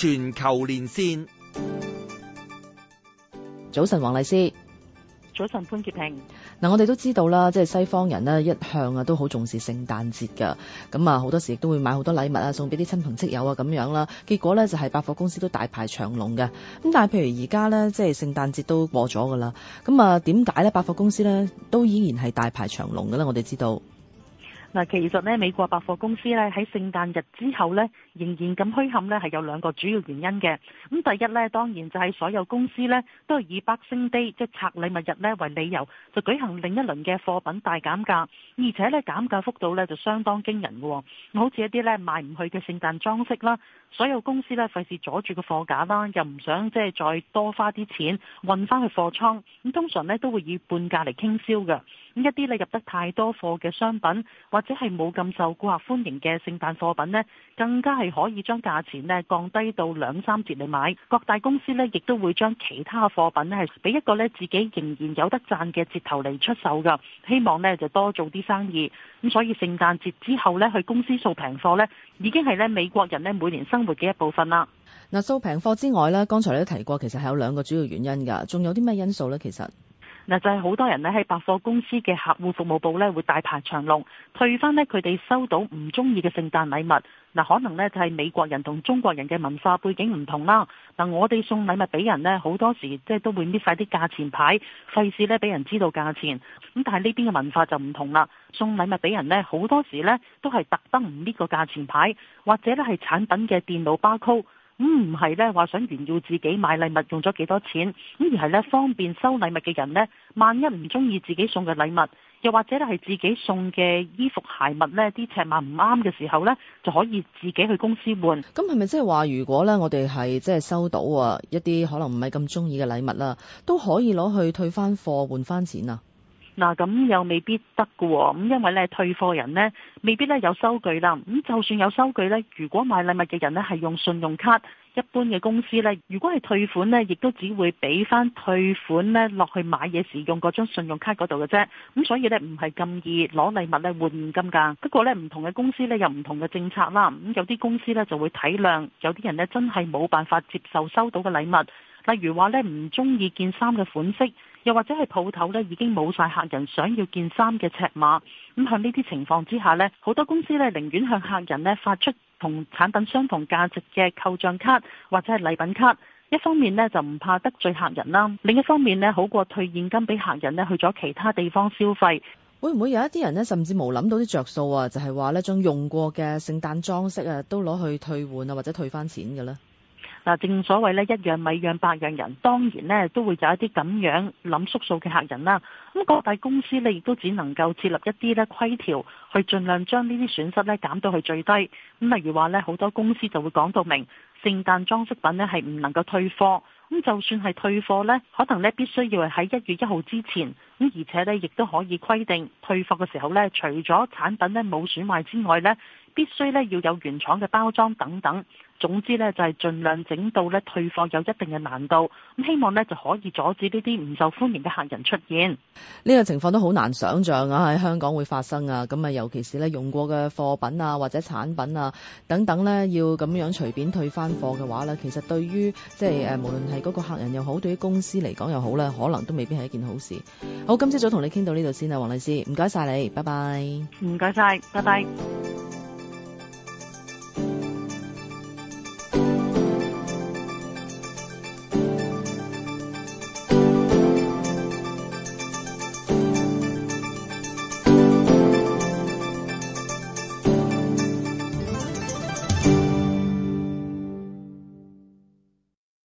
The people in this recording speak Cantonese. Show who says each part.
Speaker 1: 全球連線，早晨黃麗施，
Speaker 2: 早晨潘潔
Speaker 1: 平。嗱、啊，我哋都知道啦，即係西方人咧一向啊都好重視聖誕節噶，咁啊好多時亦都會買好多禮物啊送俾啲親朋戚友啊咁樣啦。結果呢就係、是、百貨公司都大排長龍嘅。咁但係譬如而家呢，即係聖誕節都過咗噶啦。咁啊，點解呢？百貨公司呢都依然係大排長龍噶咧？我哋知道。
Speaker 2: 嗱，其實咧，美國百貨公司咧喺聖誕日之後咧，仍然咁墟冚咧，係有兩個主要原因嘅。咁第一咧，當然就係所有公司咧都係以 Boxing Day 即係拆禮物日咧為理由，就舉行另一輪嘅貨品大減價，而且咧減價幅度咧就相當驚人嘅。好似一啲咧賣唔去嘅聖誕裝飾啦，所有公司咧費事阻住個貨架啦，又唔想即係再多花啲錢運返去貨倉，咁通常咧都會以半價嚟傾銷嘅。一啲咧入得太多貨嘅商品，或者係冇咁受顧客歡迎嘅聖誕貨品呢，更加係可以將價錢降低到兩三折嚟買。各大公司呢，亦都會將其他貨品呢，係俾一個呢自己仍然有得賺嘅折頭嚟出售噶，希望呢就多做啲生意。咁所以聖誕節之後呢，去公司掃平貨呢，已經係呢美國人呢每年生活嘅一部分啦。
Speaker 1: 嗱，掃平貨之外呢，剛才你都提過，其實係有兩個主要原因噶，仲有啲咩因素呢？其實？
Speaker 2: 嗱，就係好多人咧喺百貨公司嘅客戶服務部咧會大排長龍，退翻咧佢哋收到唔中意嘅聖誕禮物。嗱，可能咧就係美國人同中國人嘅文化背景唔同啦。嗱，我哋送禮物俾人呢，好多時即係都會搣晒啲價錢牌，費事咧俾人知道價錢咁，但係呢邊嘅文化就唔同啦。送禮物俾人呢，好多時咧都係特登唔搣個價錢牌，或者咧係產品嘅電腦包裝。唔係咧，話想炫耀自己買禮物用咗幾多錢，咁而係咧方便收禮物嘅人呢，萬一唔中意自己送嘅禮物，又或者咧係自己送嘅衣服鞋襪呢啲尺碼唔啱
Speaker 1: 嘅時候呢，就可以自己去公司換。咁係咪即係話，如果呢我哋係即係收到啊一啲可能唔係咁中意嘅禮物啦，都可以攞去退翻貨換翻錢啊？
Speaker 2: 嗱，咁又未必得㗎喎，咁因為咧退貨人咧未必咧有收據啦，咁就算有收據咧，如果買禮物嘅人咧係用信用卡，一般嘅公司咧，如果係退款咧，亦都只會俾翻退款咧落去買嘢時用嗰張信用卡嗰度嘅啫，咁所以咧唔係咁易攞禮物咧換金噶。不過咧唔同嘅公司咧有唔同嘅政策啦，咁有啲公司咧就會體諒有啲人咧真係冇辦法接受收到嘅禮物，例如話咧唔中意件衫嘅款式。又或者係鋪頭咧，已經冇晒客人想要件衫嘅尺碼，咁喺呢啲情況之下咧，好多公司咧寧願向客人咧發出同產品相同價值嘅購賬卡或者係禮品卡，一方面咧就唔怕得罪客人啦，另一方面咧好過退現金俾客人咧去咗其他地方消費。
Speaker 1: 會唔會有一啲人咧甚至冇諗到啲着數啊？就係話咧將用過嘅聖誕裝飾啊都攞去退換啊或者退翻錢嘅呢？嗱，正所謂咧，一樣米養百樣人，當然咧都會有一啲咁樣諗縮數嘅客人啦。咁
Speaker 2: 各大公司咧亦都只能夠設立一啲咧規條，去盡量將呢啲損失咧減到去最低。咁例如話咧，好多公司就會講到明，聖誕裝飾品咧係唔能夠退貨。咁就算係退貨咧，可能咧必須要係喺一月一號之前。而且咧，亦都可以規定退貨嘅時候咧，除咗產品咧冇損壞之外咧，必須咧要有原廠嘅包裝等等。總之咧，就係盡量整到咧退貨有一定嘅難度。咁希望咧就可以阻止呢啲唔受歡迎嘅客人出現。
Speaker 1: 呢個情況都好難想像啊，喺香港會發生啊！咁啊，尤其是咧用過嘅貨品啊，或者產品啊等等咧，要咁樣隨便退翻貨嘅話咧，其實對於即係誒，無論係嗰個客人又好，對於公司嚟講又好咧，可能都未必係一件好事。好，今朝早同你傾到呢度先啦。黃麗施，唔該晒，謝謝你，拜拜。唔該晒，拜拜。